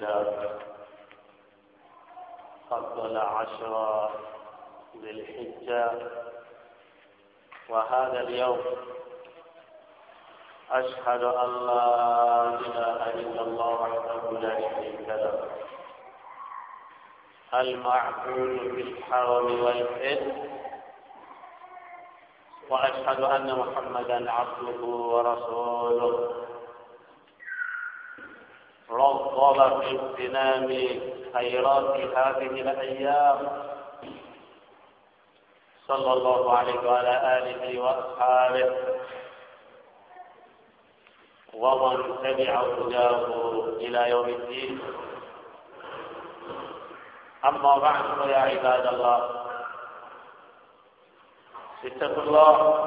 الكتاب قبل عشرة ذي وهذا اليوم أشهد أن لا إله إلا الله وحده لا شريك له المعقول في الحرم والإثم وأشهد أن محمدا عبده ورسوله رغب في اغتنام خيرات هذه الأيام صلى الله عليه وعلى آله وأصحابه ومن تبع هداه إلى يوم الدين أما بعد فيا عباد الله اتقوا الله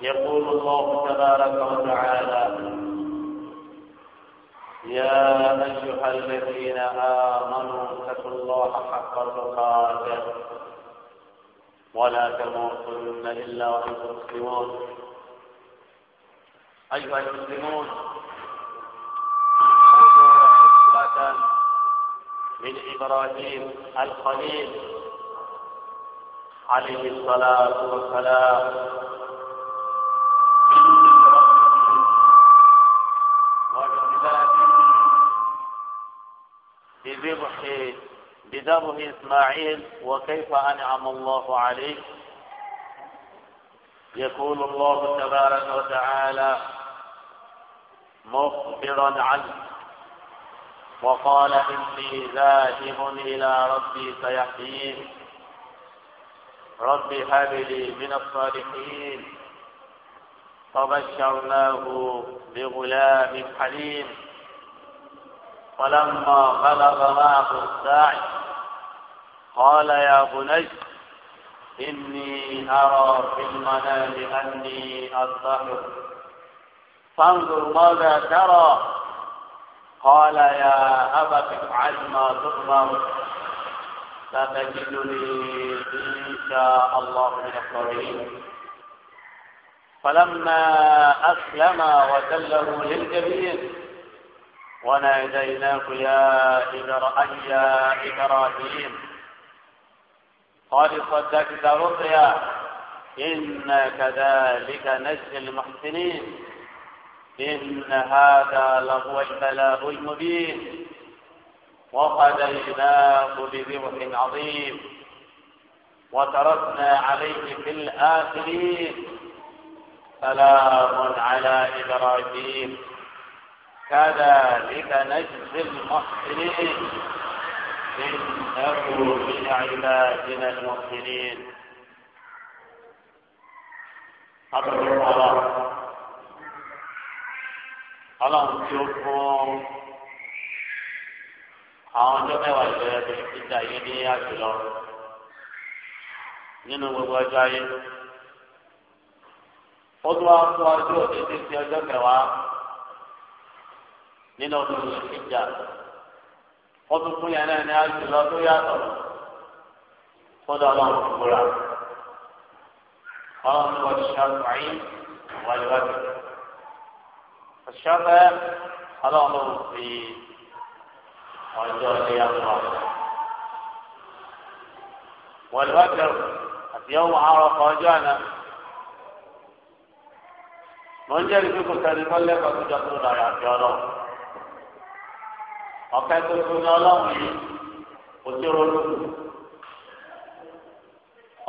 يقول الله تبارك وتعالى يا أيها الذين آمنوا اتقوا الله حق تقاته ولا تموتن إلا وأنتم مسلمون أيها المسلمون من إبراهيم الخليل عليه الصلاة والسلام بذبح بذبح إسماعيل وكيف أنعم الله عليه يقول الله تبارك وتعالى مخبرا عنه وقال إني ذاهب إلى ربي سيحيين رب هب لي من الصالحين فبشرناه بغلام حليم فلما بلغ معه الساعي قال يا بني إني أرى في المنام أني أصطحب فانظر ماذا ترى قال يا أبت افعل ما تؤمر ستجدني إن شاء الله من الصابرين فلما أسلم وسلم للجبين وناديناك يا إبراهيم قد صدقت رؤيا إنا كذلك نجزي المحسنين إن هذا لهو البلاء المبين وقديناه بذبح عظيم وتركنا عليه في الآخرين سلام على إبراهيم كذلك نجزي المحسنين إنه من عبادنا المحسنين أبو الله ọlọ́run tí ó fún àwọn ọjọ́ mẹ́wàá ìbẹ̀rẹ̀ tó ti dà yé ní àjùlọ nínú gbogbo ọjọ́ ayé ó tún wá fún ọjọ́ òde tí ti ọjọ́ nínú ọdún ìjà ọdún fún yẹn náà ní àjùlọ tó yàtọ̀ fọdọ̀ ọlọ́run fúnra ọlọ́run ní wọ́n ṣàfàyè wáyéwájú ṣàfẹ́ ọlọ́run fi ọjọ́ ilé yàtọ̀ wáyéwájú àti yẹ́wò àárọ̀ ọjọ́ àná mọ̀ ń jẹ́rìí pé kò sẹ́ni mọ́lẹ́kọ̀ọ́ tó jọ tó dára àti ọlọ́run ọ̀fẹ́ tó ní ọlọ́run yìí kò sí ronú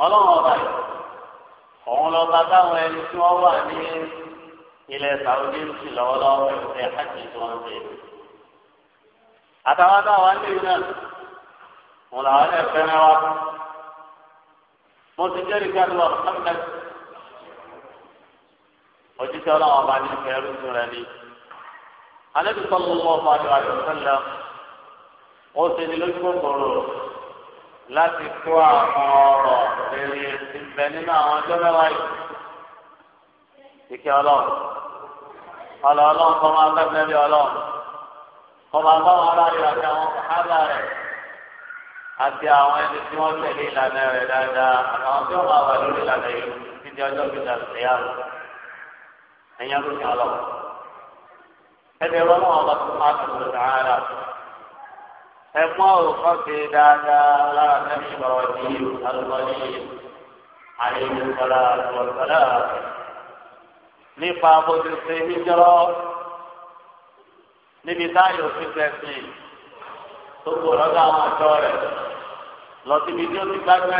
ọlọ́run ọba yìí òun lọ bá táwọn ẹni tí wọ́n wà ní ilẹ̀ Saudi ń lọ́wọ́lọ́wọ́ ẹ̀ hajj tí wọ́n ṣe àtàwọn táwọn ní ìlú wọn làwọn ẹ̀ fẹ́ràn wa mo ti jẹ́rìí ká lọ ọ̀sán mẹ́ta ojúṣe ọlọ́run ọba ní ìfẹ́ rúdùn rẹ ni anabi sallallahu alaihi wa sallam ó ṣe ní lójú kòkòrò láti kó àwọn ọ̀rọ̀ lórí ìbẹ nínú àwọn ọjọ́ mẹ́wàá yìí ìkẹ́ ọlọ́run ọlọ ọlọ́run kọ máa bẹ bẹ̀rẹ̀ ọlọ́run kọ máa bá wọn aráàlú àti àwọn ọ̀hánà rẹ àti àwọn ẹni tí wọ́n tẹ̀lé ìlànà rẹ dáadáa àtàwọn tí wọ́n máa wà lórí ìlànà yìí títí ọjọ́ gbígbà sí yàrá ẹ̀yìn ọdún ní ọlọ́run ẹni ẹ̀rọ náà wọn bá tó máa tó lò dáadáa ẹ mú ọ̀rọ̀ kan ṣe dáadáa lára nẹ́bí ìbáwọ̀ ní ìlú alùpùpù ní àyẹ̀wò kọlá àlùpùpù kọlá nípa bó ti ṣe níbi táyọ̀ fi tẹ̀sìn tó kò lọ́dọ̀ àwọn ọ̀dọ́ rẹ̀ lọ síbi tí ó ti gbájú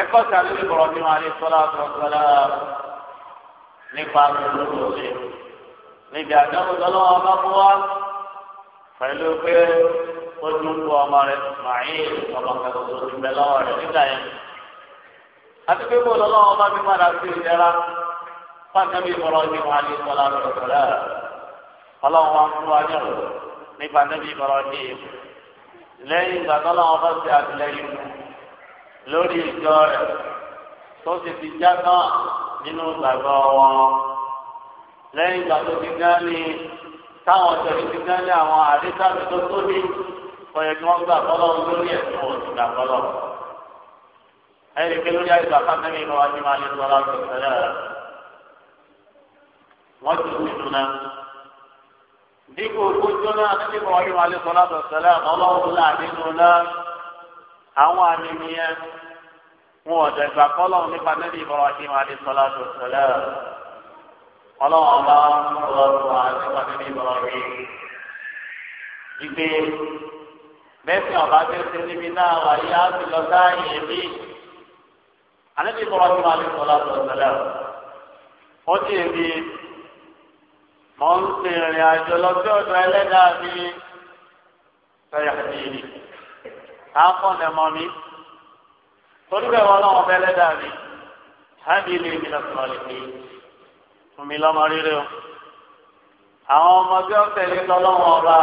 ẹ̀kọ́ sàlẹ̀ ìbọ̀rọ̀ ní wọn àlẹ́ sọ́lá sọ́lá nípa gbogbo ṣe níbi àdáwò tọ́lọ́wọ́ bá fún wa pẹ̀lú pé ó dún kú ọmọ rẹ̀ màáyé ọmọ kẹtọ tó ti bẹ lọ́wọ́ rẹ̀ nígbà yẹn. àti pé kó lọ́wọ́ bá fi padà sí ìlera fáńtẹ́bí ìfọ̀rọ̀ ní wọn ní ìfọ̀lá lọ́sọ̀rọ̀ ọlọ́run wa fún wa yẹ̀rọ nípa nẹ́bí ìfọ̀rọ̀ ní ìfọ̀ lẹ́yìn ìgbà tọ́lọ́wọ́ bá ṣe àtìlẹ́yìn lórí ìjọ rẹ̀ tó ti ti já lẹ́yìn ìgbà tó ti gán ní táwọn ọ̀sẹ̀ tó ti gán ní àwọn àdéhùn tó tó ní ọ̀yẹ̀ kí wọ́n gbà fọlọ́ lórí ẹ̀sùn òsì gbà fọlọ́. ẹ̀yìn pé lórí àyùbá kámẹ́rin ló wá ní máa ní sọ́lá tó tẹ̀lé rẹ̀. wọ́n ti kú ìdúná. dípò ojú náà níbi kan wáyé máa ní sọ́lá tó tẹ̀lé rẹ̀ ọlọ́run náà náà àwọn àmì ọlọ́wọ́n ọba ọlọ́run wa nípa nínú ìbọn rí ìgbé mẹ́sì ọba tó ṣe níbi náà wà yá sí lọ sáàyè mí alẹ́bí bọ́lá tó máa ní sọlá tó ṣẹlẹ̀ ó sì èmi mọ̀ ń ṣe ìrìn àjò lọ sí ọ̀dọ̀ ẹlẹ́dàá mi sọ̀yà nìyí àákọ́nẹ̀ mọ́ mi torí bẹ́ẹ̀ wọ́n lọ́wọ́ bẹ́ẹ̀ lẹ́dàá mi hábìlì ìbílẹ̀ sọ̀rọ̀ fún mi lọ́mọ rírẹ o àwọn ọmọdé ọ̀tẹ̀lẹ̀ tọ́lọ́wọ́n ọba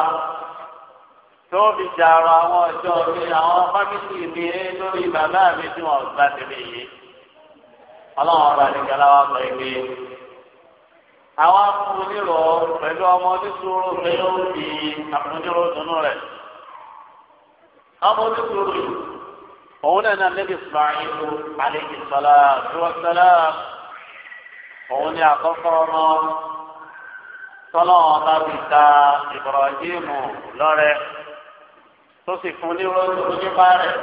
tó fi jà ọ̀rọ̀ àwọn ọjọ́ mi àwọn fámìlì mi lórí bàbá mi tí wọ́n gbà tẹ̀lé yìí ọlọ́wọ́n ọba nìkan láwa sọ pé àwọn afúnilò pẹ̀lú ọmọ oníṣòro pẹ̀lú òbí àfúnilò dunu rẹ̀ ọmọ oníṣòro òun náà nàlẹ́ bí Ismail aleyhi sọlá dúró sọlá. òun ni àkọ́kọ́ ọmọ tọ́lọ́wọ́n bá fi ta ìbọ̀rọ̀dìmù lọ́rẹ tó sì fún ní rọ́ọ̀dù nípa rẹ̀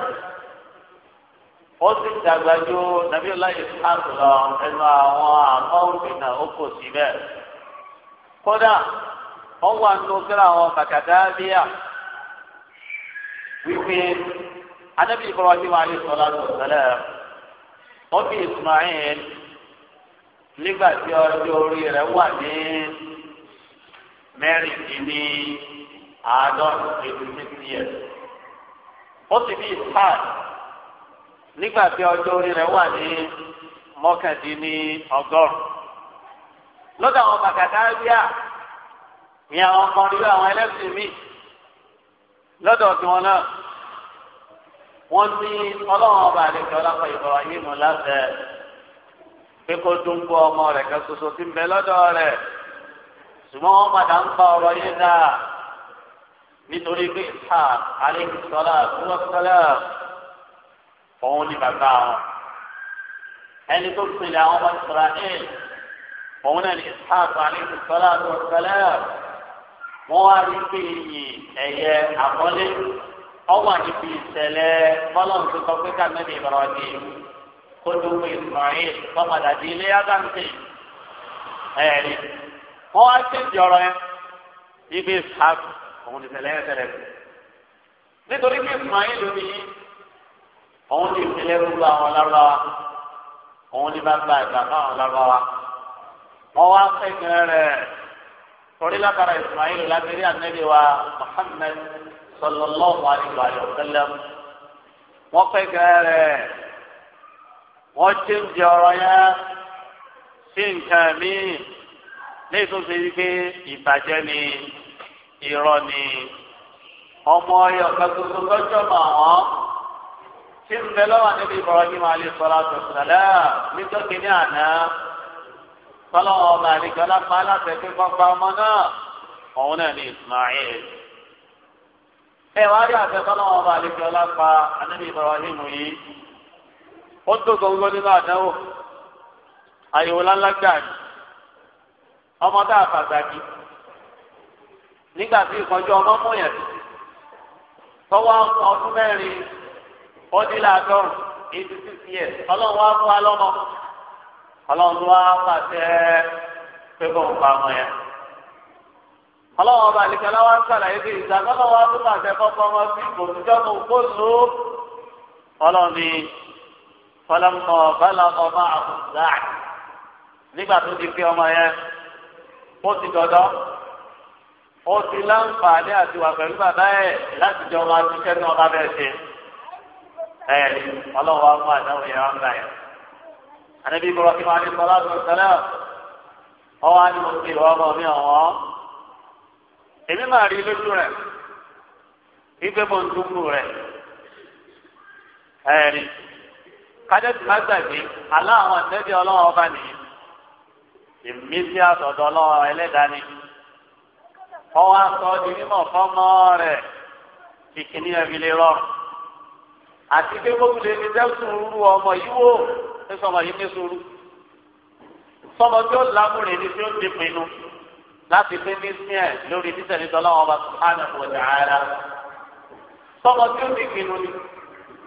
ó sì dàgbà ju nàbíyọ̀lá isaac lọ ẹnu àwọn àkọ́wùmí náà ó kódà wọ́n wà nínú kíra àwọn kàkàdá bíyà wípé anábì nígbà tí ọjọ́ orí rẹ̀ wà ní mẹ́rin dín ní àádọ́rin eighty six years ó sì bí ìsáà nígbà tí ọjọ́ orí rẹ̀ wà ní mọ́kàndínní ọgọ́rùn lọ́dọ̀ àwọn bàkàtàríà ní àwọn kan rí àwọn ẹlẹ́sìn míì lọ́dọ̀ tí náà wọ́n ní ọlọ́run ọba àlejò ọlọ́pàá ìbọ̀wá yìí mú láti ẹ̀ pé kó dún gbọ́ ọmọ rẹ̀ kan ṣoṣo tí ń bẹ lọ́dọ̀ rẹ̀ ṣùgbọ́n wọ́n padà ń bá ọ̀rọ̀ yín dáa nítorí pé ìta àlejòsọ́lá ìwọ́sọ́lá òun ni bàbá wọn ẹni tó pinnu àwọn ọmọ Israẹli òun náà ni ìta àlejòsọ́lá ìwọ́sọ́lá wọn wá rí pé ìyìn ẹ̀yẹ àkọlé ọwọ́ àti fi ìṣẹ̀lẹ̀ bọ́lọ̀ tó pé ká mẹ́rin ìbára kótópó Ismail tọ́padà di ilé yágáǹtì ẹ̀rí wọ́n wá sí ìjọrọ̀ yẹn ibi ìfàk òun ìṣẹ̀lẹ̀ yẹn tẹ̀lé nítorí pé Ismail mi yìí òun ti ìṣẹ̀lẹ̀ gbogbo àwọn lárúbáwá òun ni bá gba ìgbà fáwọn lárúbáwá wọ́n wá fẹ́kẹ̀ẹ́ rẹ̀ torí lábàrà Ismail lábẹ́rẹ́ ànẹ́bí wa Muhammad sallallahu alayhi wa sallam wọ́n fẹ́kẹ̀ẹ́ wọ́n ti ń di ọ̀rọ̀ yẹn sí nǹkan míì léyìí tó ṣe wípé ìbàjẹ́ ni irọ́ ni ọmọ ọyọ gbàgbọ́sọ lọ́jọ́ mà wọ́n tí ń bẹ lọ́wọ́ níbi Ibrahim alayhi salatu wassalam nítorí ní àná tọ́lọ́wọ́ ọba àdìgbọ́n lápá aláṣẹ pé ọmọ náà òun náà ní Ismail ẹ wá rí àfẹ́ tọ́lọ́wọ́ ọba àdìgbọ́n lápá anábì Ibrahim yìí. ó tó gbogbo nínú àdánwò àyẹ̀wò lálágbà ni ọmọ tá a pàtàkì nígbà tí ìkànjú ọmọ mú yẹn tọwọ́ ọdún mẹ́rin ọdún eighty six years ọlọ́run wá fún wa lọ́mọ ọlọ́run wá pàṣẹ pé kò ń pa ọmọ yẹn ọlọ́run ọba àlìkẹ́lá wá ń sàlàyé bí wá fún pàṣẹ fọ́fọ́ ọmọ ọlọ́run ni. fọlọ́mọ bọ́lọ́mọ máa ń gbà nígbà tó ti fi ọmọ yẹn ó ti dọ̀dọ́ ó ti láǹfààní àti wà pẹ̀lú bàbá ẹ̀ láti jọ máa ti kẹ́nu ọba bẹ́ẹ̀ ṣe ẹ̀ ọlọ́wọ́ á mú àdáwò yẹn wá ń gbà yẹn. ànábi ìbúrọ̀ kí máa ní sọlá tó sọlá ọwọ́ á mo ti ìwọ́ ọmọ mi ọ̀wọ́n. èmi máa rí lójú rẹ̀ ìgbé mo ń dúkú rẹ̀ ẹ̀rí kádẹ́tì má gbàgbé aláwọn àtẹ́bí ọlọ́wọ́ ọba nìyí ìmísí àtọ̀dọ̀ ọlọ́wọ́ ẹlẹ́dàá ni ọwọ́ aṣọ di mímọ̀ fọ́mọ́ rẹ̀ kìkìní ẹ̀mí lè rọrùn àti pé gbogbo lè ní dẹ́kun rúru ọmọ yìí wò ní sọmọ yìí ní sùúrù sọmọ tí ó lámúrin ní tí ó ti pinnu láti pé ní sí ẹ̀ lórí títẹ̀lé tọ́lọ́wọ́ ọba sùhánà wọ̀dà ara sọmọ tí ó ti pinnu ni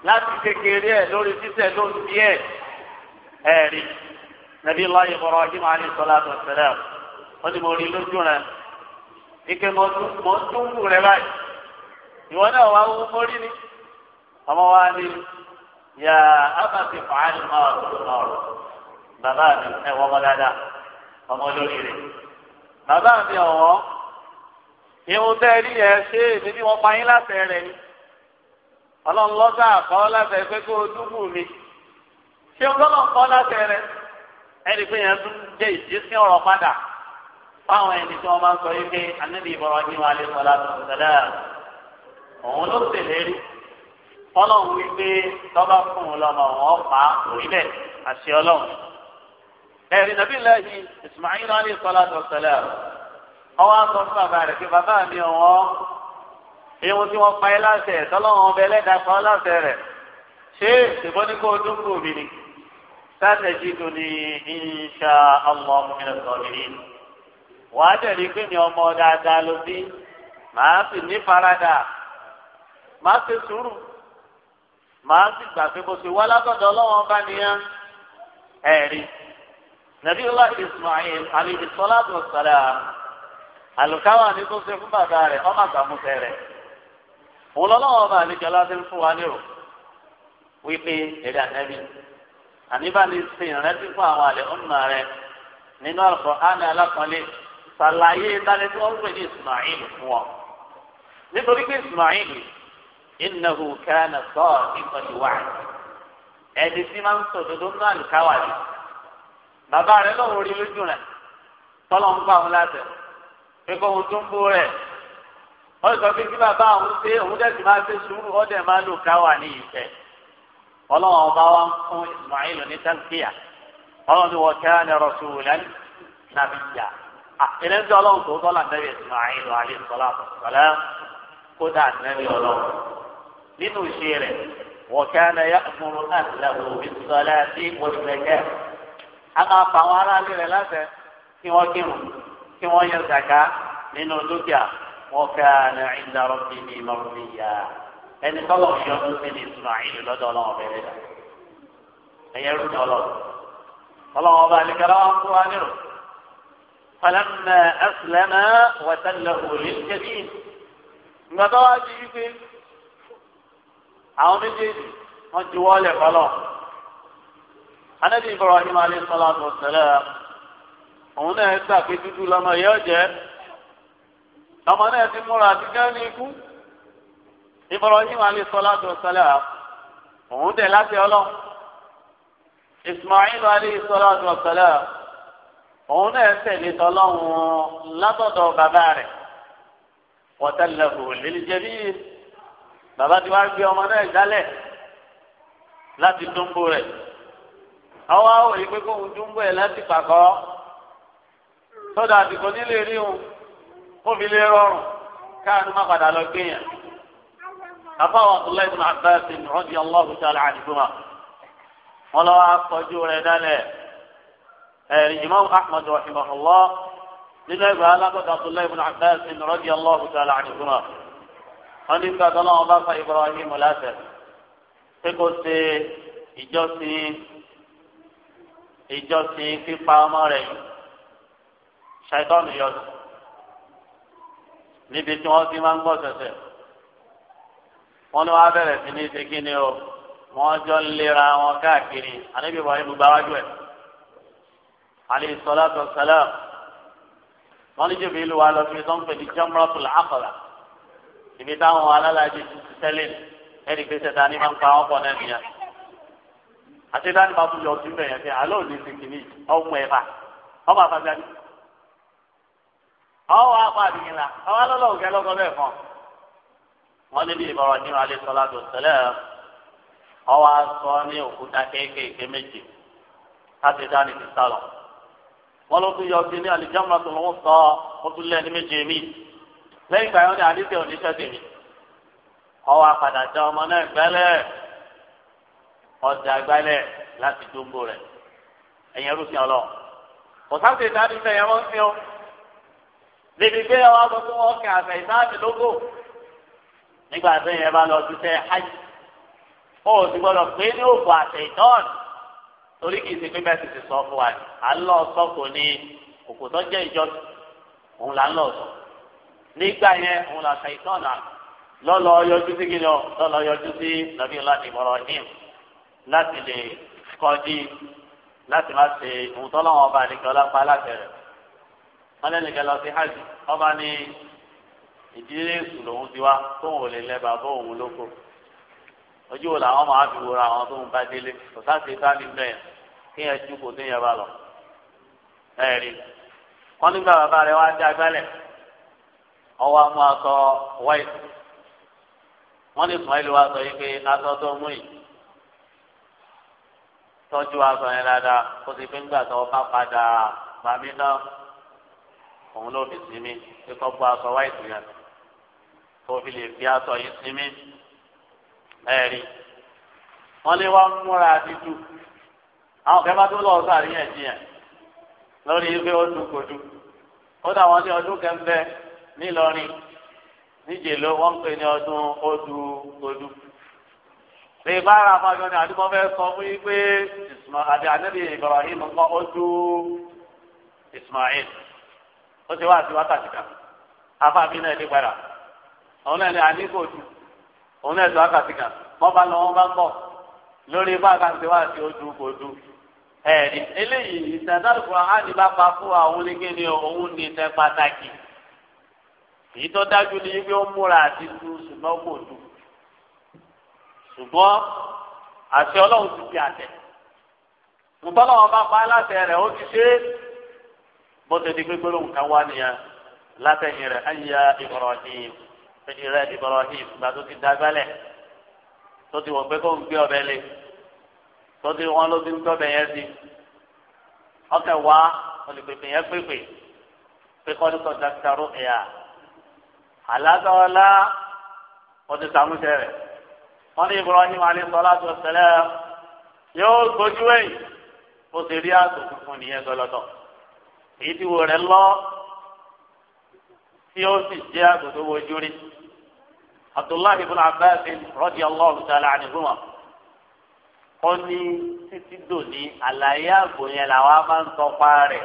láti kékeré ẹ̀ lórí títẹ̀ ló ń bí ẹ̀ ẹ̀rí nàbí lọ́ọ́ ìbọ̀rọ̀ ọdún àlè sọlá tó ṣẹlẹ̀ ó ní mo rí lójú rẹ̀ ike mo tún wù rẹ̀ báyìí ìwọ náà wà wú mórí ni ọmọ wa ni yà ábàtì fàánì máa tó lọ́rọ̀ bàbá mi ẹ̀ wọ́n mọ́ dáadáa ọmọ lórí rẹ̀ bàbá mi ọ̀wọ́ ìhun tẹ́ ẹ ní yẹn ṣé èmi bí wọ́n pa yín láti rẹ̀ ni ọlọ́run lọ́sà àkọ́ láti ẹgbẹ́ kó o dúkù mi ṣé o gbọ́dọ̀ kọ́ láti rẹ ẹni pé yẹn tún jẹ́ ìdísí ọ̀rọ̀ padà fáwọn ẹni tí wọ́n máa ń sọ yìí pé anábì ìbọ̀rọ̀ ní wàá lè sọ̀rọ̀ àtọ̀tọ̀tọ̀lá òun ló ṣèlérí ọlọ́run wí pé tọ́ba fún un lọ́mọ wọn pa orílẹ̀ àṣẹ ọlọ́run ẹ̀rí nàbí lẹ́yìn Ismail alayhi sọ̀rọ̀ àtọ̀tọ̀lá ọwọ́ àtọ̀ fún bàbá ìwọ̀n tí wọ́n pa ẹ́ láṣẹ tọ́lọ́wọ́n ọbẹ̀ ẹlẹ́dàá pa ọ́ láṣẹ rẹ̀ ṣé ìbọn ní kó o dún kúrò mi ni sáàtẹ̀ jíjù ni ìṣà ọmọ ọmọkùnrin sọ̀rọ̀ yìí wọ́n á tẹ̀lé pé ní ọmọ dáadáa ló bí màá sì ní faradà màá sì sùúrù màá sì gbà pé bó ṣe wá látọ̀dọ̀ ọlọ́wọ́n bá nìyẹn ẹ̀rí nàbí ọlá Ismail alẹ́ ìsọlá tó sọ̀rọ̀ àlùkáwà ni tó ṣe fún bàbá rẹ̀ ọmọ àgbàmúṣe rẹ̀ òun lọ́lọ́wọ́ bá àlejò aláṣẹ fún wa nírò wípé èrè àtẹ́bí àníbàlẹ̀ ṣe ìrántí fún àwọn àlẹ́ ọ̀nà rẹ nínú àlùkò ánà alákọ̀ọ́lẹ̀ ṣàlàyé dání tí wọ́n ń pè ní Ismail fún ọ. nítorí pé Ismail innahu kana sọ́ọ̀ nípa ìwáyé ẹni tí máa ń sòdodo náà àlùkáwàlì bàbá rẹ lọ́wọ́ orí lójú rẹ tọ́lọ́ ń gbà wọn láti pé kó wọn tó ń bó rẹ̀ wọ́n sọ pé kí bàbá òun ṣe òun dẹ̀ sì máa ṣe sùúrù ó dẹ̀ máa lò káwà ní ìfẹ́ ọlọ́run ọba wa ń fún Ismail ní tẹ́lifíà ọlọ́run ni wọ́n kẹ́rẹ́ ní rasulan nabiyya ilé ń sọ ọlọ́run tó tọ́lá nẹ́bí Ismail alayhi salatu wassalam kódà nẹ́bí ọlọ́run nínú ìṣe rẹ̀ wọ́n kẹ́rẹ́ ya'muru ahlahu bis-salati waz-zakati a máa fà wọn وكان عند ربه مرضيا ان خلق شهر من اسماعيل لدى الله بيدا اي ارد الله الله بعد الكرام فلما اسلم وتله للجبين مضى جيب عون جيب مجوال فلا النبي ابراهيم عليه الصلاه والسلام هنا يتاكد لما يجب ọmọ náà ti múra àti gán ní ikú Ibrahim alayhi salatu wassalam òun tẹ̀ láti ọlọ́run Ismail alayhi salatu wassalam òun náà tẹ̀lé tọ́lọ́run látọ̀dọ̀ bàbá rẹ̀ wọ́tẹ́lẹ̀kù lẹ́lẹ́jẹ̀bí bàbá tí wàá gbé ọmọ náà jálẹ̀ láti dúnbò rẹ̀ àwọn àwòrán pé kóun dúnbò ẹ̀ láti pàkọ́ sọ́dọ̀ àdìgbò nílé rí òun kó fi lè rọrùn káàánú má padà lọ gbéyàn. àfọwọ́ abdullahi bin abbas radiyallahu ta'ala anhuma wọn lọ wá kọjú rẹ dálẹ̀ ẹ̀rì imam ahmed rahimahullah nínú ẹgbẹ́ alágbàdo abdullahi bin abbas radiyallahu ta'ala anhuma wọn ní gbàgbọ́ náà wọn bá fa ibrahim láṣẹ pé kó ṣe ìjọsìn ìjọsìn fífa ọmọ rẹ̀ yìí ṣàìtọ́nù níbi tí wọ́n ti máa ń gbọ́ sẹ̀sẹ̀ wọ́n ní wọ́n á bẹ̀rẹ̀ sí ní ṣe kí ni o wọ́n jọ ń lera wọn káàkiri àníbi ìwà ìlú gbáwájú ẹ̀ alayhi salatu wassalam wọ́n ní jìbìí ìlú wa lọ sí tó ń pè ní jamratul aqaba ibi táwọn alálàájì ti ti tẹ́lẹ̀ ẹ̀rí pé sẹ́ta ní máa ń pa wọ́n pọ̀ náà nìyẹn àti dáni bá tún yọ ọtí bẹ̀yẹn fẹ́ àlọ́ òní ti kìíní ọmọ ẹ̀fà ọmọ àfàgbà ni. ọwọ́ apàdé yìí la ọwọ́ alọ́lọ́wọ́ kẹ́ lọ́kọ́ bẹ́ẹ̀ fọ́n. wọ́n níbi ìbọ̀rọ̀ ní alẹ́ sọlá tó ní òkúta kéékèèké méjì láti dání ti sálọ. wọn ló tún yọ sí ní alìjọ́mọ́ tó ń sọ ó ní méje ìgbà ní tèmi. jẹ ọmọ náà ọjà láti níbi pé ọwọ́ sọ fún ọkẹ́ àfẹ́ ìsáàbì lógò nígbà tó yẹn bá lọ sí sẹ́ hajj ó sì gbọ́dọ̀ pé ní òfò àtẹ ìtọ́ọ̀nù torí kì í ṣe pé bẹ́ẹ̀ ti sọ fún wa ni à ń lọ sọ kò ní òkò tó jẹ́ ìjọ òun là ń lọ sọ nígbà yẹn òun là sẹ ìtọ́ọ̀nù lọ́lọ́ yọjú sí kí ni lọ́lọ́ yọjú sí nàbí láti mọ̀rọ̀ him láti lè kọ́ di láti má ṣe òun tọ́lọ́wọ́n ọba àdìgbọ́lá pa láti wọn lẹnu kẹ lọ sí hajj ọba ní ìdílé èsù lòun ti wá tóun ò lè lẹ bàbá òun lóko ojú wo làwọn máa fi wòra àwọn tóun bá délé kò sáàsì bá mi bẹyàn kéèyàn ju kò téèyàn bá lọ ẹẹrí wọn nígbà bàbá rẹ wá dé agbálẹ̀ ọwọ́ amú aṣọ wáyé wọn ní Ismail wa sọ yìí pé aṣọ tó mú yìí tọ́jú aṣọ yẹn dáadáa kó sì fi ń gbà tó bá padà bàmí náà òun ló fi sinmi kíkọ́ bọ́ aṣọ wáìtì yẹn tó fi lè fi aṣọ yìí sinmi ẹ̀rí wọ́n lé wá múra dídú àwọn kẹfà tó lọ sọ àríyànjiyàn lórí ife ọdún kojú ó dà wọ́n ní ọdún kẹfẹ́ nílọrin níjèló wọ́n ń pè ní ọdún ojú kojú lè bá ara fájọ ní àdúgbò fẹ́ sọ fún yí pé àti ànábì Ibrahim nǹkan ojú Ismail ó ti wá àti wákàtí kan afa náà ní padà òun náà ní àníkòtù òun náà ti wákàtí kan wọn bá lọ wọn bá ń bọ lórí bá kan ti wá àti ojú kò du eléyìí ìtẹ̀síwájú àti bá pa fún àwọn oníkéni òun ní ìtẹ̀ pàtàkì èyí tó dájú ni wípé ó múra àti tu ṣùgbọ́n kò du ṣùgbọ́n àṣẹ ọlọ́run ti di àtẹ̀ ṣùgbọ́n lọ́wọ́ pa á láṣẹ rẹ̀ ó ti ṣe é bó ti di gbégbé lóhùn kan wá nìyẹn látẹ̀yìn rẹ̀ ayé Ibrahim ẹ̀yìn rẹ̀ Ibrahim gba tó ti dagbálẹ̀ tó ti wọ̀ pé kó ń gbé ọbẹ̀ lé tó ti wọn ló ti ń tọ́bẹ̀ yẹn sí ọkẹ́ wá olùpèpè yẹn pèpè pé kọ́ kọ́ dàkítàrú ẹ̀yà alágbáwọlá wọ́n ti sàmúṣẹ rẹ̀ wọ́n ní Ibrahim alayhi salatu wassalam yóò gbójú ẹ̀yìn ó ti rí àtò funfun nìyẹn gbọlọ́tọ̀ èyí tí wo rẹ lọ tí ó sì jẹ àgùntò wojú rí abdullahi ibn abbas radiyallahu ta'ala anhuma ó ní títí dòní àlàyé àgbò yẹn làwọn máa ń tọpa rẹ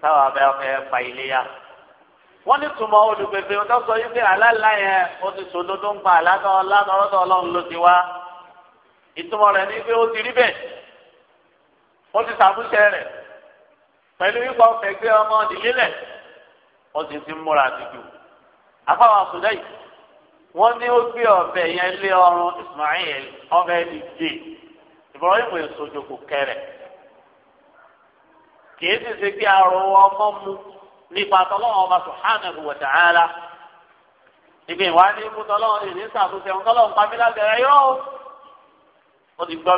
táwọn abẹ ọfẹ pa iléyà wọn ní túmọ̀ olùgbèsè wọn tó sọ pé aláìlá yẹn ó ti sòdodo ń pa àlátọ ọlátọ Ọlọ́run ló ti wá ìtumọ̀ rẹ̀ ní pé ó ti rí bẹ́ẹ̀ ó ti sàmúṣẹ rẹ̀. pẹ̀lú wípé ọ̀fẹ́ gbé ọmọ ìdílélẹ̀ wọ́n ti ti múra dídú. afáwọn sùdẹ́ yìí wọ́n ní ó gbé ọ̀fẹ́ yẹn lé ọrùn Ismail ọmọ ẹni jẹ ìbọ̀rọ̀ ìmọ̀ èso kẹrẹ̀ kìí sì ṣe kí arọ ọmọ mu nípa tọ́lọ́wọ́n ọba subhanahu wa ta'ala ìwádìí mú tọ́lọ́wọ́n ìní tọ́lọ́wọ́n gẹ̀rẹ́ yóò ó ti gbọ́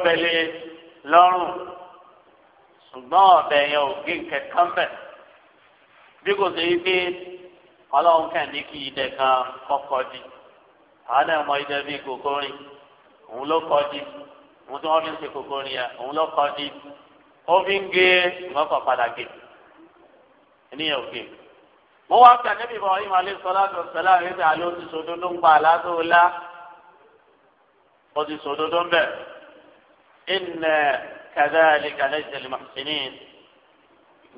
ṣùgbọ́n ọ̀bẹ yẹn ò gé kẹ̀kẹ́ mbẹ̀ bí kò sí pé ọlọ́run kàn ní kí idẹ kan kọ́kọ́ di àwọn náà mọ idẹ bíi kòkórin òun ló kọ́ di òun tí wọ́n fi ń ṣe kòkórin yẹn òun ló kọ́ di ó fi ń gé ìmọ̀kàn padà gé ènìyàn ò gé mo wá fi ànábì bọ̀ ìmọ̀ alẹ́ sọlá tó sọlá rẹ̀ bí alẹ́ ti sòdodo ń bẹ̀ ẹ̀ كذلك ليس للمحسنين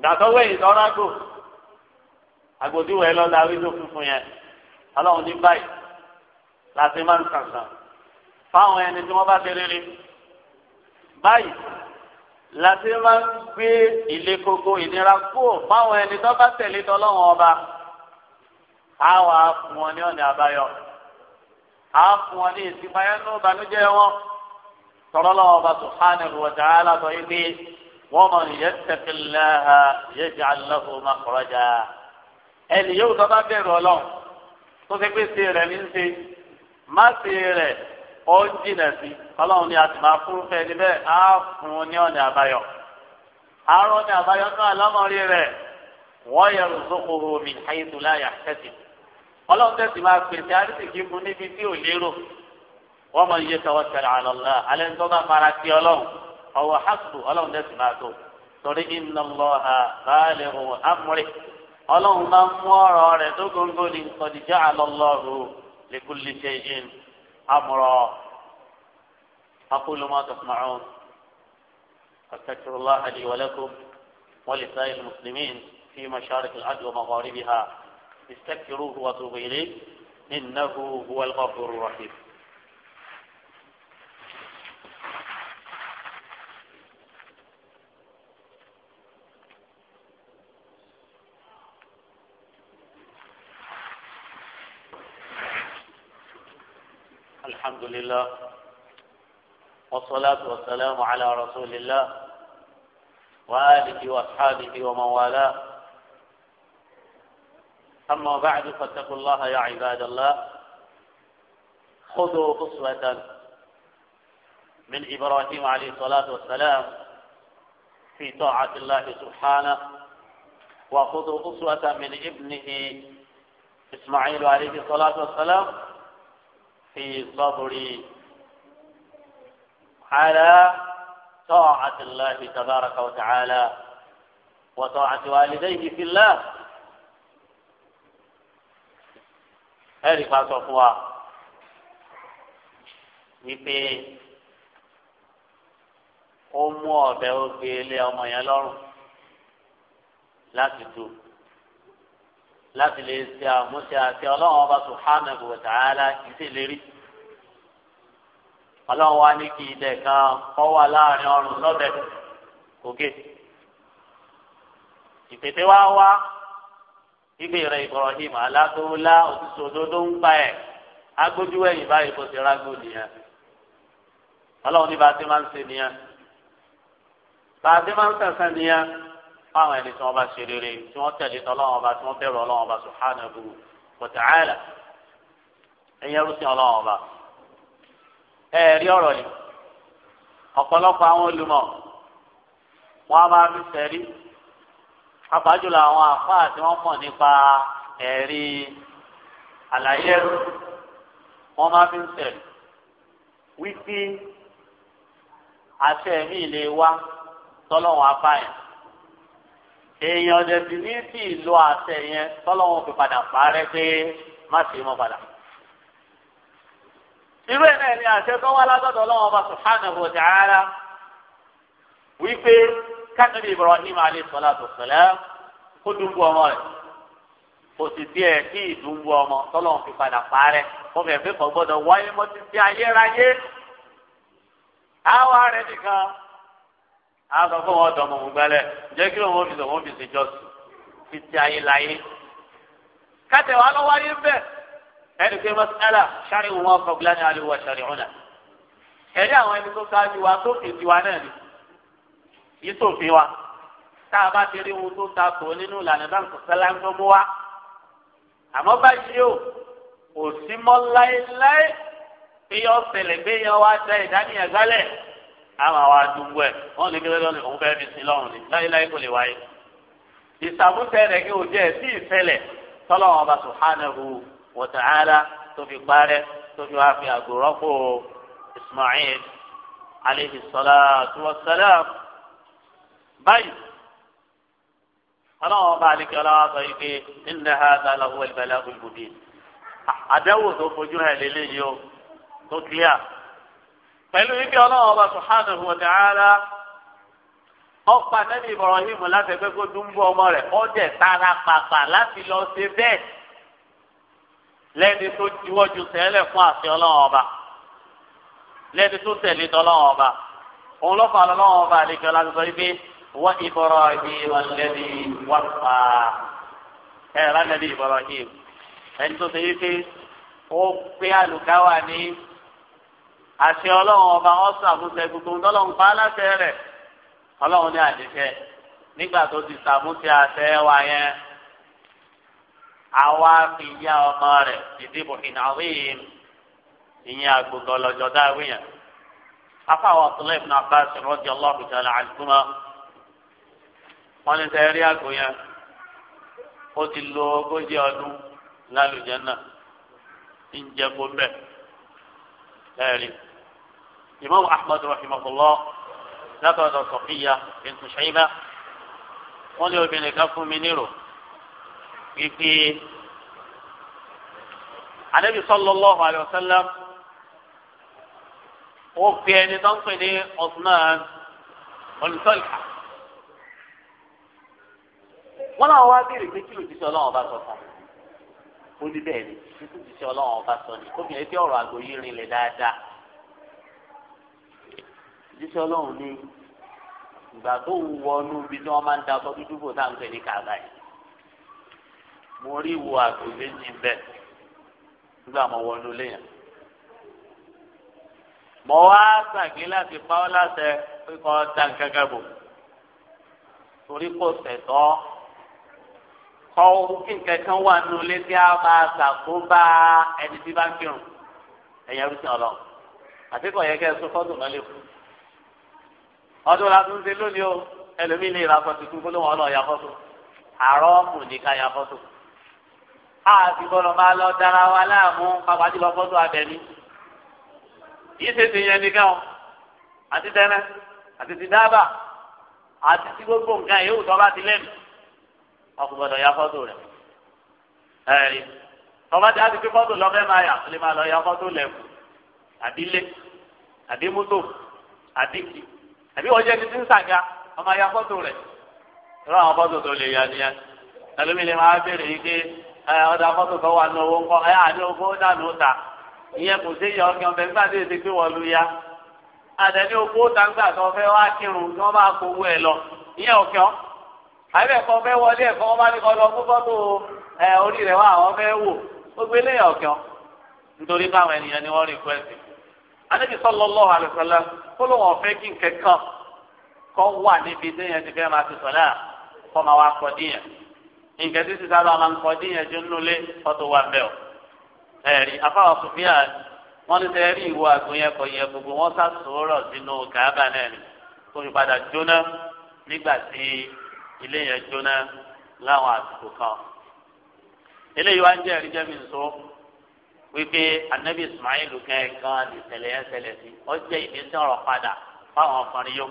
gbàtọ́ wẹ̀yìn tọ́ra gbò agbòdìwẹ̀ lọ la wíńdò funfun yẹn ọlọ́run ní báyìí láti máa ń sàǹsàn fáwọn ẹni tí wọ́n bá ti rere báyìí láti máa ń gbé ilé koko ìnira kúrò fáwọn ẹni tó bá tẹ̀lé tọ́lọ́run ọba á wàá fún wọn ní ọ̀nà àbáyọ á fún wọn ní ìsinmi ayé ní ìbànújẹ́ wọn tọrọ lọ́wọ́ bá subhanahu wa ta'ala sọ yìí pé wọ́n mọ̀ yattaqillaha yaj'al lahu makhraja ẹnì yóò tọ́ bá bẹ̀rù ọlọ́run tó ṣe pé ṣe rẹ̀ ní ṣe má ṣe rẹ̀ ó ń jìnà sí ọlọ́run ni a ti fún fẹ́ níbẹ̀ á fún ní ọ̀nà àbáyọ àárọ̀ ní àbáyọ náà lọ́mọrí rẹ̀ wọ́n yẹ rùsókòrò mi haythu la yahtasib ọlọ́run tẹ̀sí máa pèsè àrísìkí fún níbi tí ò lérò wọ́n mọ̀ iye tọwọ́ tẹ̀lé àlọ́lá alẹ́ ní tó bá fara sí ọlọ́run ọwọ́ hasbu ọlọ́run dẹ́sì máa tó torí iná lọ ha baálé o amúrí ọlọ́run máa ń mú ọ̀rọ̀ rẹ̀ tó góńgó ní kọ̀díjà àlọ́lọ́rù lẹ́kùlì ṣẹ́yìn amúrọ̀ akólúmọ́ tọkùnmọ́rún ọ̀tẹ́kùrọ̀lá àdìyẹ wọlékùn ولسائر المسلمين في مشارق الأرض ومغاربها استكثروه وتوبوا إليه إنه هو الغفور الرحيم لله والصلاة والسلام على رسول الله وآله وأصحابه ومن والاه أما بعد فاتقوا الله يا عباد الله خذوا أسوة من إبراهيم عليه الصلاة والسلام في طاعة الله سبحانه وخذوا أسوة من ابنه إسماعيل عليه الصلاة والسلام في صبري على طاعة الله تبارك وتعالى وطاعة والديه في الله ẹ̀rí ká sọ fún wa wípé ó mú ọ̀bẹ ó gbé ilé ọmọ yẹn lọ́rùn láti dùn láti lè ṣe àmúṣe àti ọlọ́run ọba subhanahu wa ta'ala kì í sì lérí. ọlọ́run wa ní kí ilẹ̀ kan kọ́ wà láàrin ọrùn lọ́bẹ̀ òkè. ìpètè wa wá ibi rẹ̀ Ibrahim alágbóhólá òtútù òdodo ń pa ẹ̀ agbójú ẹ̀yìn báyìí kò sí rágbó nìyẹn. ọlọ́run ní bá máa ń ṣe nìyẹn. bá máa ń sẹ̀sẹ̀ nìyẹn fáwọn ẹni tí wọ́n bá ṣe rere tí wọ́n tẹ̀lé tọ́lọ́wọ́n ọba tí wọ́n bẹ̀rù ọlọ́wọ́n ọba subhanahu wa ta'ala ẹ̀yẹ rúsìn ọlọ́wọ́n ọba. ẹ rí ọ̀rọ̀ yìí ọ̀pọ̀lọpọ̀ àwọn olùmọ̀ wọn a máa fi sẹ́rí apájùlọ àwọn àfáà tí wọ́n mọ̀ nípa ẹ̀rí àlàyé ẹ̀rú wọn máa fi sẹ́rí wípé àti ẹ̀mí ilé wa tọ́lọ́wọ́n apá yẹn èèyàn ọ̀dẹ̀sì ní sí ìlú àṣẹ yẹn tọ́lọ́wọ́n fi padà parẹ́ pé má sì mọ́ padà. irú ẹ̀ ni àṣẹ tó wá látọ̀dọ̀ ọlọ́wọ́n bá subhanahu wa ta'ala wípé kánìlì Ibrahim alayhi salatu wassalam kó dùnkù ọmọ rẹ̀ kò sì tiẹ̀ kí ìdùnkù ọmọ tọ́lọ́wọ́n fi padà parẹ́ kó fẹ́ẹ́ fẹ́ kọ́ gbọ́dọ̀ wáyé mọ́ títí ayérayé. àwa rẹ̀ nìkan a sọ fún wọn dọmọ òun gbẹlẹ jẹ kí wọn fi sọ wọn fi ṣe jọsìn fi ti ayé láyé kátẹ wàá lọ wáyé bẹ ẹni pé mọsálà sáré wọn kọ gíláni aliwa sáré ọ̀nà ẹ̀rí àwọn ẹni tó ṣáájú wa tó fi tiwa náà ni yìí tó fi wa tá a bá ti rí ohun tó ta kò nínú ìlànà náà kò sẹ́lá ń gbọ́mú wa àmọ́ báyìí o kò sí mọ́ láéláé bí yọ ọ̀sẹ̀ lẹ́gbẹ̀ẹ́ yẹn wá dá ìdánìyàn gbálẹ̀ àwọn àwọn adúgbò ẹ̀ wọ́n lè kéré lọ́nà òun fẹ́ẹ́ fi sin lọ́rùn ni láyéláyé kò lè wáyé. ìsàmúsẹ́ rẹ̀ kí o jẹ́ sí ìfẹ́lẹ̀ tọ́lọ́wọ́n ọba subhanahu wa ta'ala tó fi parẹ́ tó fi wá fi àgòrọ́pò Ismail aleyhi salatu wa salam báyìí ọlọ́wọ́n ọba àlekẹ́ ọlọ́wọ́ sọ yìí pé inna hadha lahu al-bala'ul mubin àdẹ́wò tó fojú hàn lélẹ́yìí o tó kílíà. pẹ̀lú ibi ọlọ́run ọba subhanahu wa ta'ala ọ̀pá nẹ́bí Ibrahim láti ẹgbẹ́ kó dúnbú ọmọ rẹ̀ ọ̀dẹ̀ tara pàpà láti lọ si bẹ́ẹ̀ lẹ́ni tó juwọ́jú tẹ́lẹ̀ fún àṣẹ ọba lẹ́ni tó tẹ̀lé tọ́lọ́run ọba òun lọ́fà lọ́lọ́run ọba àlejò ibi wọ́n wọ́n pa ẹ̀rọ nẹ́bí ẹni tó àṣẹ ọlọ́run ọba ọ̀sán àbúṣe gbogbo ńlọ́run pa aláṣẹ rẹ̀ ọlọ́run ní àdìsẹ́ nígbà tó ti sàmúṣe àṣẹ wa yẹn àwa fi yá ọmọ rẹ̀ ìdìbò ìnáwéyìn ìyẹn àgbòdo ọlọ́jọ́ dáwé yẹn afáwọn ọ̀túnlẹ̀ ibn Abbas radiyallahu ta'ala wọ́n ní àgbò yẹn ó ti lo ogójì ọdún lálùjẹ́ náà ń ẹ̀rí imam ahmed rahimahullah látọ̀dọ̀ sọ̀fíya bintu ṣẹ́yìnbá wọ́n lé obìnrin kan fún mi nírò wípé anabi sallallahu alayhi wa sallam ó fi ẹni tó ń pè ní osman olùsọ̀lá wọ́n náà wá bí rèé pé kí lòdì sí ọlọ́run ọba sọ̀tàn ó ní bẹ́ẹ̀ ni títí ti ṣe ọlọ́run ọba sọ ni kófìyàn tí ọ̀rọ̀ àgbo yìí rinlẹ̀ dáadáa jíṣẹ́ ọlọ́run ní ìgbà tó wọnú ibi tí wọ́n máa ń da ọkọ̀ dúdú bò táwọn pè ní kàbá yìí mo rí ìwo àgbò méjì bẹ́ẹ̀ nígbà mo wọnú léyìn mo wá sàgé láti pa ọ́ láṣẹ pé kọ́ ta nǹkan kan bò torí kò sẹ̀tọ́ kọ́ kí nǹkan kan wà nínú ilé tí a máa ṣàkóbá ẹni tí bá ń kírun ẹ̀yìn arúgbó ọlọ àtikọ̀ yẹ kẹ́ ẹ sọ fọ́dún mọ́lẹ̀ fún ọdún la tún ṣe lónìí o ẹlòmíì lè ra fọ́tò tó gbólóhùn ọlọ́ọ̀ ya fọ́tò àárọ̀ mù ní ká ya fọ́tò a ti gbọ́dọ̀ máa lọ dára wa láàmú pàpà jùlọ fọ́tò abẹ́mí yìí ṣe ti yẹn nìkan o àti tẹ́rẹ́ àti ti dábà àti ti gbogbo nǹkan ọkùnrin ya fọ́tò rẹ̀ ẹ̀rí tọ́ba tí a ti fi fọ́tò lọ́fẹ́ máa yà ó lè máa lọ ya fọ́tò lẹ́kù àbí lé àbí mọ́tò àbí kì àbí wọ́n jẹ́ ní ti ń sàga ọmọ ya fọ́tò rẹ̀ irú àwọn fọ́tò tó lè yà nìyẹn ẹlòmí lè máa béèrè yìí pé ọ̀dà fọ́tò tó wà ní owó ńkọ́ ẹ̀ àní owó dànù ta ìyẹn kò sí ìyá ọkàn bẹ́ẹ̀ nígbà tí èsì lu ya àtẹ̀ní owó tàǹgbà tó fẹ́ wá kírun tí wọ́n kó owó ẹ̀ lọ ìyẹn ọ̀kàn àbẹ̀ kọ́ fẹ́ wọlé ẹ̀fọ́ wọn bá ní kọ́ lọ fọ́tò orí rẹ̀ wá àwọn fẹ́ wò gbogbo eléyà ọ̀kẹ́ ọ nítorí báwọn ènìyàn ni wọ́n rìkwẹ́sì Ànábì sallallahu alaihi wasallam kó ló wọn fẹ́ kí nǹkan kan kọ́ wà níbi déyẹn ti fẹ́ máa ti sọ̀lá kọ́ máa wá kọ́ díyẹn nǹkan tí sísá bá máa ń kọ́ díyẹn ju nulẹ̀ fọ́tò wà bẹ́ẹ̀ o ẹ̀rí afáwọn Sufyan wọ́n ní sẹ́yìn ìwọ àgbóyẹ kọ gbogbo wọ́n sá sòórọ̀ sínú kàábà náà ni tó fi padà jóná nígbà tí ilé yẹn jóná láwọn àsìkò kan ilé yìí wá ń jẹ́ ẹ̀rí jẹ́ mi nsọ wípé anabi ismail kẹ́ẹ̀kan ìṣẹ̀lẹ̀ yẹn ṣẹlẹ̀ sí ọ jẹ́ ìdísẹ́ ọ̀rọ̀ padà fáwọn ọkùnrin yó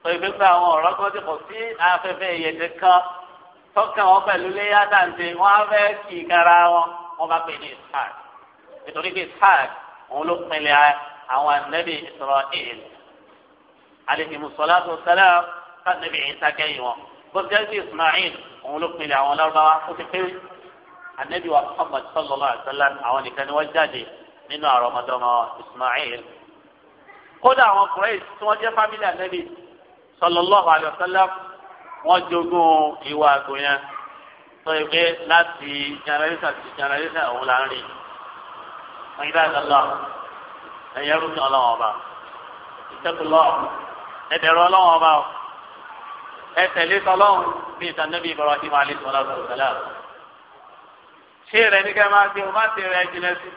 sọ ìgbé pé àwọn ọ̀rọ̀ kan ti pọ̀ sí afẹ́fẹ́ ìyẹ̀dẹ̀ kan tọ́kàn wọn pẹ̀lú léyà dàǹdè wọn á kì í kára wọn wọn bá pè ní ishaq nítorí pé ishaq òun ló pinlẹ̀ àwọn anabi israel alẹ́ ìmùsọ̀lá tó ṣẹlẹ̀ ká anabi ìsakẹ́yìn wọn bọ́sẹ̀sì ismail òun ló pinnu àwọn lọ́rọ́báwá ó ti pé anabi wa muhammad sallallahu alayhi wa sallam àwọn nìkan ni wọ́n jáde nínú àrọ́mọdọ́mọ ismail kódà àwọn kùrẹ́ẹ̀sì tí wọ́n jẹ́ fámìlì anabi sallallahu alayhi wa sallam wọ́n jogún ìwà àgbo yẹn tó yẹ pé láti jẹnẹrẹ́sà sí jẹnẹrẹ́sà òun là ń rìn wọ́n yí láti lọ ẹ̀yẹ́rú ní ọlọ́wọ́n ọba ìtẹ́kùlọ́ ẹ̀dẹ̀rọ ọlọ́wọ́n ọba ẹ tẹ̀lé tọ́lọ́hún bí ìtànẹ́bí Ibrahim alayhi salatu wa salam ṣé rẹ ní kẹ́ máa ṣe o má ṣe rẹ jìnà sí.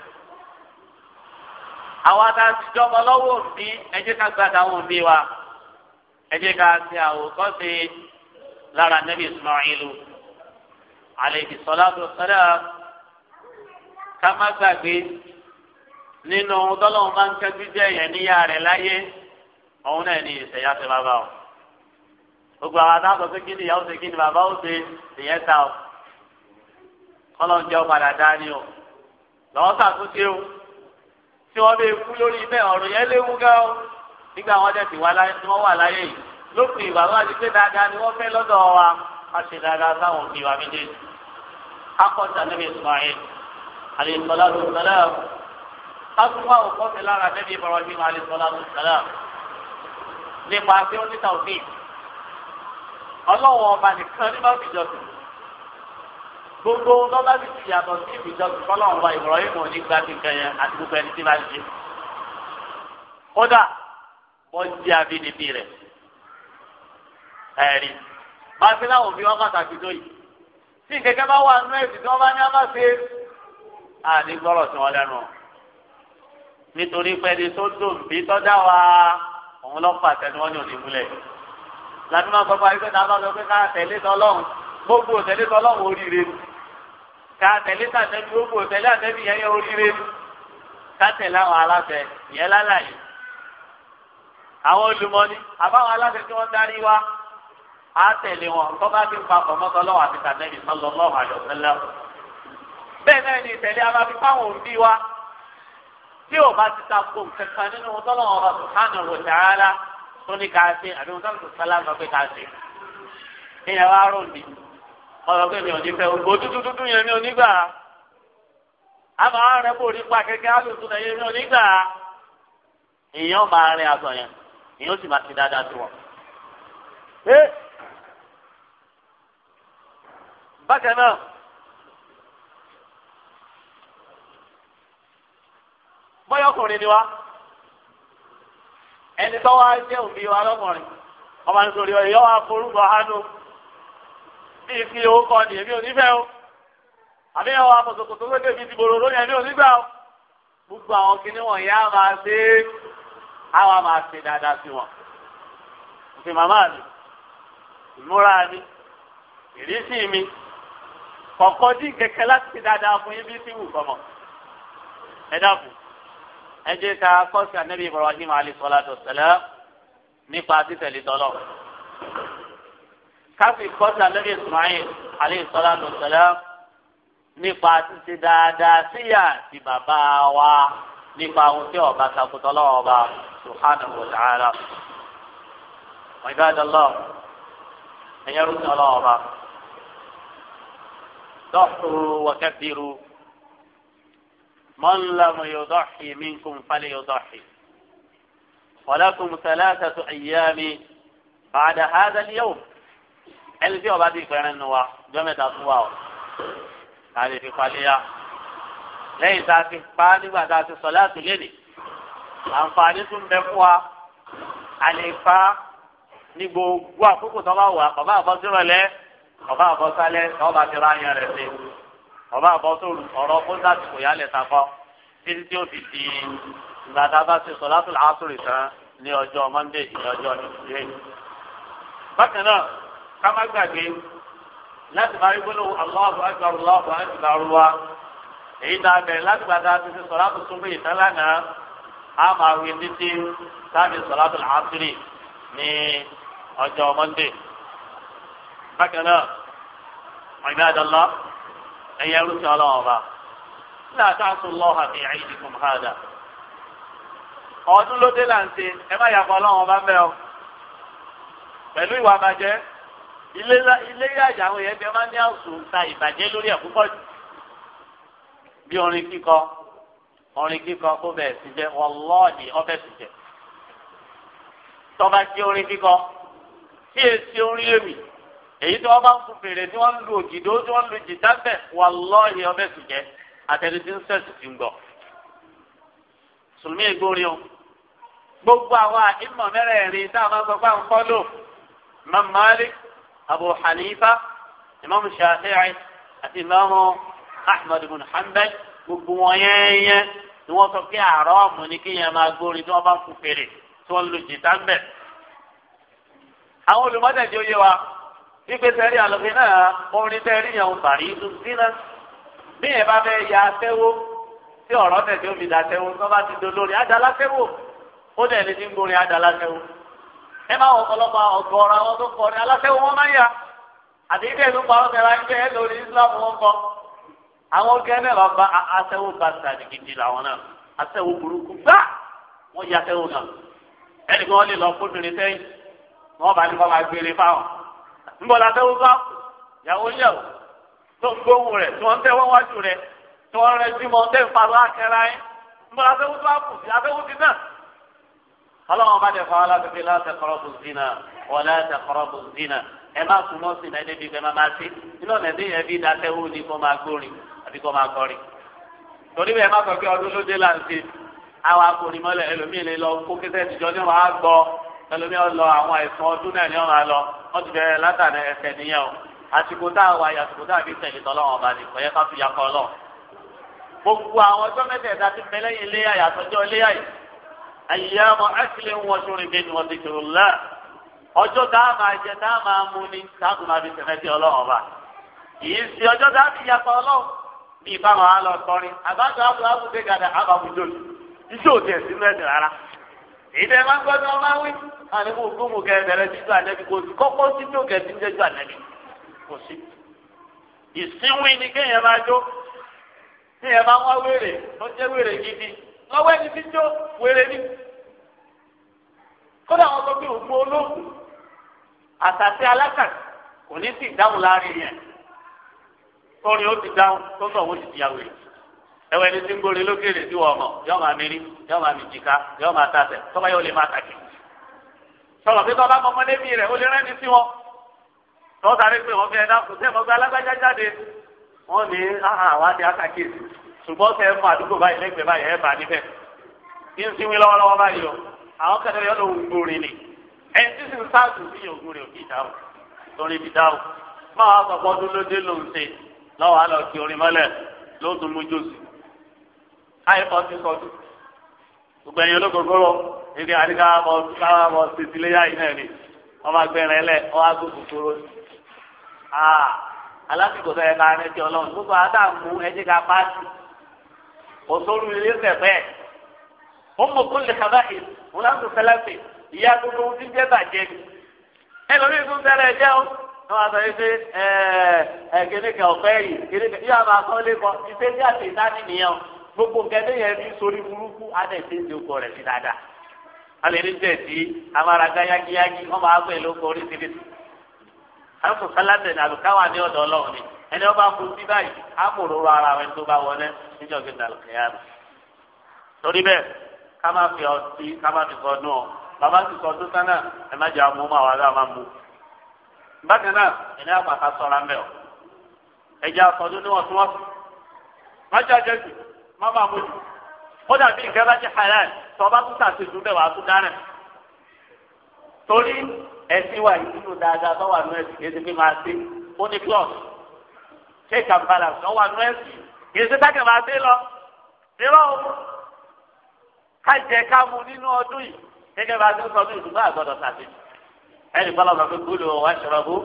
àwa ta ti jọmọ lọ́wọ́ òbí ẹ ká gbàdá àwọn òbí wa ẹ ká ṣe àwòkọ́ ṣe lára nẹ́bí Ismailu alayhi salatu wa salam ká má gbàgbé nínú ohun máa ń kẹ́jú jẹ́ ìyẹn níyà rẹ̀ láyé òun náà ní ìṣẹ̀yà ti bàbá o gbogbo àwọn adáàbọ̀ pé kí ni ìyàwó ṣe kí ni bàbá ó ṣe ìyẹn ta o kọ́lọ́n jẹ́ ọ̀padà dání o lọ́wọ́ sàtúnṣe o tí wọ́n bẹ kú lórí bẹ́ẹ̀ ọ̀rọ̀ yẹn léwu gan o nígbà wọn dẹ̀ tí wọ́n wà láyé yìí lópin ìwà wọn àti pé dáadáa ni wọ́n fẹ́ lọ́dọ̀ wa a ṣe dáadáa sáwọn òbí wa méjèèjì akọ́ta níbi Ismail alayhi salatu salam akúwà òkọ́ mi lára nípa pé ó ní tàwíìsì ọlọ́wọ́ ọba nìkan ní bá fìjọ sùn gbogbo ohun tó bá fi ti yàtọ̀ sí ìfìjọ sùn fọlọ́wọ́ ọba Ibrahim ní gba kíkan yẹn àti gbogbo ẹni tí bá ń ṣe. kódà wọ́n jẹ́ abínibí rẹ̀ ẹ̀rí máa fi láwọn òbí wọn pàtàkì tó yìí tí kẹ̀kẹ́ bá wà nú ẹ̀sìn tí wọ́n bá ní ọmọ ṣe àní gbọ́rọ̀ sí wọn lẹ́nu nítorí pẹ́ẹ́ni tó dùn bí tọ́jà wa òun lọ́pàá tẹnu wọn ní làbí máa sọ fún wa pé tá a bá sọ pé ká tẹ̀lé tọlọ́hún gbogbo tẹ̀lé tọlọ́hún oríire ni ká tẹ̀lé tàtẹ́bí gbogbo tẹ̀lé àtẹ́bí yẹn yẹ oríire ni ká tẹ̀lé àwọn aláṣẹ yẹn lálàyé àwọn olùmọ̀ni àbáwọn aláṣẹ tí wọ́n darí wa á tẹ̀lé wọn tó bá ti pa ọmọ tọlọ́wọ́ àti tàtẹ́bí sallallahu alaihi wasallam bẹ́ẹ̀ náà ni ìtẹ̀lé abáfi fáwọn òbí wa tí ò bá ti ta tó ní ká ṣe àbí wọn sọ̀rọ̀ sọ́lá sọ pé ká ṣe ìyẹn wá rò ní ọ̀rọ̀ pé mi ò ní fẹ́ ògbó dúdúdúdú yẹn mi ò ní gbà á máa rẹ bò ní pa kẹ́kẹ́ alùpùpù náà yẹn mi ò ní gbà á ìyẹn máa rìn aṣọ yẹn ìyẹn ó sì máa ti dáadáa sí wọn. bákan náà bọ́yọ̀ ọkùnrin ni wá ẹni tó wá jẹ́ òbí wa lọ́kùnrin ọmọ nítorí ọ̀yọ́ wa forúkọ hánú bí fi owó kọ ni èmi ò ní fẹ́ o àbí ẹ̀wọ̀n àfọ̀sọ̀kò tó sókè fi ti bòrò lórí ẹ̀mí ò ní gbà o gbogbo àwọn kinní wọ̀nyí á máa ṣe é á wá máa ṣe dáadáa sí wọn òfin màmá mi ìmúra mi ìrísí mi kọ̀ọ̀kan dín kẹ̀kẹ́ láti ṣe dáadáa fún yín bí sí wù kọ́mọ ẹ dákun ẹ jẹ́ ká kọ́sí ànábì Ibrahim alayhi salatu wassalam nípa títẹ̀lé tọ́lọ̀ káfí kọ́sí ànábì Ismail alayhi salatu wassalam nípa títí dáadáa síyà ti bàbá wa nípa ohun tí ọba sakutọ́ lọ́wọ́ ọba subhanahu wa wọ́n ibà dọ́lọ́ ẹ̀yẹ́rú tọ́lọ́ ọba dọ́kùrú wọ́kẹ́bìrú. من لم يضحي منكم فليضحي ولكم ثلاثة أيام بعد هذا اليوم ẹni tí ọba ti pẹ̀rẹ̀ nù wa jọ́mẹ́ta fún wa ọ̀ ká lè fi palẹ́yà lẹ́yìn tá a ti pa nígbà tá a ti sọ láti léde àǹfààní tún bẹ fún wa a lè pa ní gbogbo àkókò tó bá wà bàbá àbọ̀sírọ̀lẹ́ bàbá àbọ̀sálẹ́ tó bá ti ra yẹn rẹ̀ sí i ọba àbọ̀sọ̀rù ọ̀rọ̀ mọ́sàtì kò yálẹ̀ sakọ́ títí tí ó fi di ìgbà tá a bá ṣe sọ̀látùl àásùrì tán ní ọjọ́ mọ́ndé ní ọjọ́ ìṣúlẹ̀. bákan náà ká má gbàgbé láti máa rí gbólóhùn Allahu akbar Allahu akbar wa èyí tá a bẹ̀rẹ̀ láti gbà tá a ti ṣe sọ̀látù súnmọ́ ìtàn lánàá a máa wí títí táàbí sọ̀látùl àásùrì ní ọjọ́ mọ́ndé. bákan náà ọ̀gbìn ẹ̀yẹ rúṣin لا تعصوا الله في عيدكم هذا lọ́ọ̀hà fi ẹ̀yìn ìdìkùn hàdà ọdún ló dé láǹtẹ ẹ má yàgò ọlọ́run ọba mẹ́ ọ pẹ̀lú ìwà àbàjẹ́ ilé yàjà àwọn èèyàn bí ẹ má ní àwùsùn ta ìbàjẹ́ lórí ẹ̀ púpọ̀ jù bí orin kíkọ orin kíkọ kó bẹ̀ẹ̀ sí jẹ́ wọ́lọ́ọ̀dì ọbẹ̀ sí jẹ́ tọ́ba tí orin kíkọ tí èsì orin lèmi èyí tí wọn bá ń fún fèrè tí wọn ń lu òjìdó tí wọn ń lu jìdá bẹ wàlọ́ọ̀hìn ọbẹ̀ sì jẹ àtẹni tí ń sẹ̀sì ti ń gbọ̀. sùnmí ìgbórí o gbogbo àwa ìmọ̀ mẹ́rẹ̀ẹ̀rin tá a máa ń sọ pé à ń fọ́lò imam malik abu hanifa imam shafi'i àti imam ahmed bin hanbal gbogbo wọn yẹ́nyẹ́ ni wọ́n sọ pé àárọ̀ ọ̀mù ni kéèyàn máa gbórí tí wọ́n bá ń fún fèrè tí wọ́n ń lu jìdá bẹ̀. àwọn olùmọ̀tẹ̀jọ́ ipe sẹ́rí àlọ́fin náà orin tẹ́rí yẹn ń bàrí sínú bí yẹn bá fẹ́ ya sẹ́wó tí ọ̀rọ̀ tẹ̀sí omi da sẹ́wó tó bá ti dolórin adala sẹ́wó ó dẹ̀ ní ti ń gorin adala sẹ́wó ẹ máa wọ ọ̀pọ̀lọpọ̀ ọ̀gọ̀ọ̀rọ̀ àwọn tó kọrin aláṣẹ́wó wọn máa ń yà àti ilé ìlú parọ́ tẹ̀ra ń jẹ́ lórí Islam wọn kọ àwọn gẹ́nẹ́ lọ bá aṣẹ́wó bàtà gidi làwọn náà aṣẹ́wó burúkú gbá wọ́n ya aṣẹ́wó náà ẹnì kan lè lọ fóbìnrin sẹ́yìn wọ́n nbọ̀lá fẹ́wọ́ bá yàwó yàwó tó ń gbóhùn rẹ̀ tí wọ́n ń tẹ́wọ́ wájú rẹ̀ tí wọ́n rẹ̀ jí mọ́ tẹ́ ń farọ́ akẹ́rẹ́ ayé nbọ̀lá fẹ́wọ́ bá kù sí afẹ́wọ́ ti náà. ọlọ́run bá dẹ̀ fọwọ́ láti fi láti kọ́rọ́ bù zina wọ́n láti kọ́rọ́ bù zina ẹ má sùn mọ́ sínú ẹni bí bẹ́ẹ̀ má má sí inú ọ̀nà ẹ̀dín yẹn bí dàtẹ́wọ́ ni kó máa gbórin àbí kó máa kọrin. torí bẹ́ẹ̀ má sọ pé ọdún ló dé láǹtí àwọn akọrin mọ́lẹ̀ ẹlòmíì lè lọ kó kẹ́sẹ́ ìjọ ní wàá gbọ́ ẹlòmí ọlọ àwọn àìsàn ọdún náà ni wọn máa lọ wọn ti bẹ̀rẹ̀ látàrí ẹsẹ̀ nìyẹn o àsìkò tá a wà yà àsìkò tá a fi tẹ̀lé tọ́lọ́wọ́n ọba ni kọ̀yẹ́ ká fi yà kọ́ lọ. gbogbo àwọn ọjọ́ mẹ́tẹ̀ẹ̀ta ti pẹ́ lẹ́yìn iléyà yàtọ̀jọ́ iléyà yìí àyíyá ọmọ ẹ́sìlẹ̀ ń wọṣọ rìn bẹ́ẹ̀ ni wọ́n ti kìrò ńlá ọjọ́ tá a máa jẹ tá a máa mu ni tá a kò máa fi tẹ̀lé sí ọlọ́wọ́n ọba yìí sí ọjọ́ tá a fi yà kọ́ bí ìbámu àlọ́ sọrin àbájọ àbúrò àbúrò ìdẹ máa ń gbọ́dọ̀ máa wí àní kò gbóhùn kẹ bẹ̀rẹ̀ títú ànẹbí kò sí kọ́kọ́ títú kẹ tí ń jẹjú ànẹbí kò sí. ìsínwín ni kéèyàn máa jó kéèyàn máa wá wèrè tó jẹ wèrè gidi lọ́wọ́ ẹni tí ń jó wèrè ni. kódà wọn sọ pé òògùn olóògùn àtàtì alákàtì kò ní sì dáhùn láàrin yẹn kọrin ó ti dáhùn tó sọ wọn ti di àwèrè ẹwọ ẹni tí ń gbórí lókèrè sí wọn mọ yọọ máa mi rí yọọ máa mi jìká yọọ máa tàṣẹ tọ́ba yóò lè máa tàkì sọ̀rọ̀ pé tọ́ba mọ́mọ́ lébi rẹ̀ ó lè rẹ́ni sí wọn tọ́ sáré pé wọ́n fi ẹ̀dá kù sí ẹ̀mọ́gbé alágbájá jáde wọ́n ní àwa ni akákèsì ṣùgbọ́n sẹ́ mọ àdúgbò báyìí lẹ́gbẹ̀ẹ́ báyìí ẹ̀ bá níbẹ̀ kí n sinmi lọ́wọ́lọ́wọ́ báyìí o àwọn kẹtẹrẹ yọ lóhùn gbòòrè ni ẹ̀ ń sísìn sáàtù sí ògùn rẹ̀ òkè ìdáhùn torí ìdáhùn máa wà pọ̀ pọ́dún lóde lòún ṣe lọ́wọ́ àlọ́ kí orin mọ́lẹ̀ lóòótọ́ mójósì káyọ̀ kọ́ sí sọ́dún gbogbo ẹ̀yin olókogoro ebi àdìgá mọ̀ káwá mọ̀ sísíléyà yìí ya ni wọ́n máa gbẹ̀rẹ̀ ẹlẹ̀ wọ́n á gbógun kúrò ah, alásìkò sọ̀rọ̀ ẹ̀ka rẹ̀ ti gbogbo àdàmú ẹ̀jẹ̀ ká ka kaba gbogbo ni o sọ yìí ọ̀fẹ́ yìí yóò máa kọ́ lé àti gbogbo nǹkan ẹni yẹn ní sórí burúkú adé ti ń dòkò rẹ̀ sí dáadáa alẹ́rí jẹ́ ti amáragá yágiyági wọ́n máa gbé lóko oríṣiríṣi alùpùpù sálátẹ̀ alùkáwà ní ọ̀dọ̀ ọlọ́run ni ẹni ọba kú sí báyìí ara tó bá wọlé torí bẹ́ẹ̀ ká má fi ọtí ká má fi ọ bàbá ti sánà ẹ má má mú ọ má bàa mójú kódà bí nǹkan bá jẹ́ halal tó bá tún tàṣe jù bẹ́ẹ̀ wàá tún dáná torí ẹ̀sìn wa yìí nínú dáadáa tó wà nù ẹ̀sìn kì í ṣe fi máa ṣe ó ní klọ́ọ̀sì ṣé ìkàmbala tó wà nù ẹ̀sìn kì í ṣe dákẹ́ máa ṣe lọ nírọ̀ ká jẹ ká mu nínú ọdún yìí gẹ́gẹ́ bá a ń sọ bí ìdúgbò àgọ́dọ̀ tàṣe ẹnì kan lọ́kàn fi kúlò wá ṣọ̀rọ̀ bó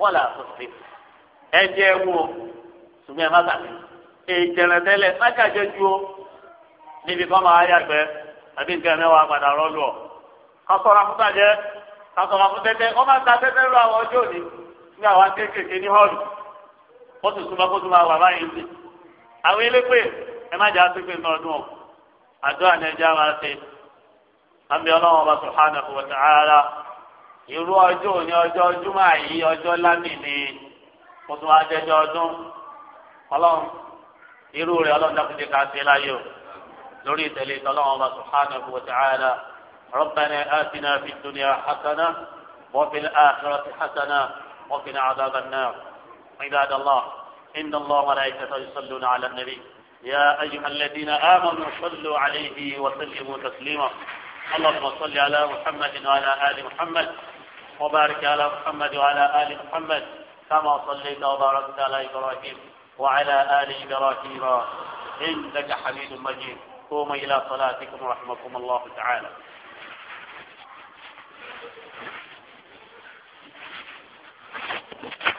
wọ́n là á tó ṣe ẹ jẹ́ wò ṣùgbọ́n ẹ má tàṣe. e tẹ́lẹ̀ ju o níbi kọ́ máa yàgbẹ́ àbí nǹkan mẹ́wàá padà rọ́lù ọ̀ kọ́sọ́ra fún bàjẹ́ kọ́sọ́ra wọ́n máa ta tẹ́tẹ́ lọ àwọn ọjọ́ òní ní àwọn kéékèèké ní họ́ọ̀lù ó sì súnmọ́ kó tún máa wà báyìí sí àwọn elépè ẹ má jà á pépè ní ọdún ọ̀ àdó ṣe irú rẹ̀ ọlọ́run dákúndé ká ṣe láyé o lórí ìtẹ̀lé ìtọ́lọ́wọ́n bá subhanahu wa ta'ala rabbana atina fid dunya hasana wa fil عباد الله إن الله وملائكته يصلون على النبي يا أيها الذين آمنوا صلوا عليه وسلموا تسليما اللهم صل على محمد وعلى آل محمد وبارك على محمد وعلى آل محمد كما صليت وباركت على إبراهيم وعلى آل إبراهيم إنك حميد مجيد قوموا إلى صلاتكم ورحمكم الله تعالى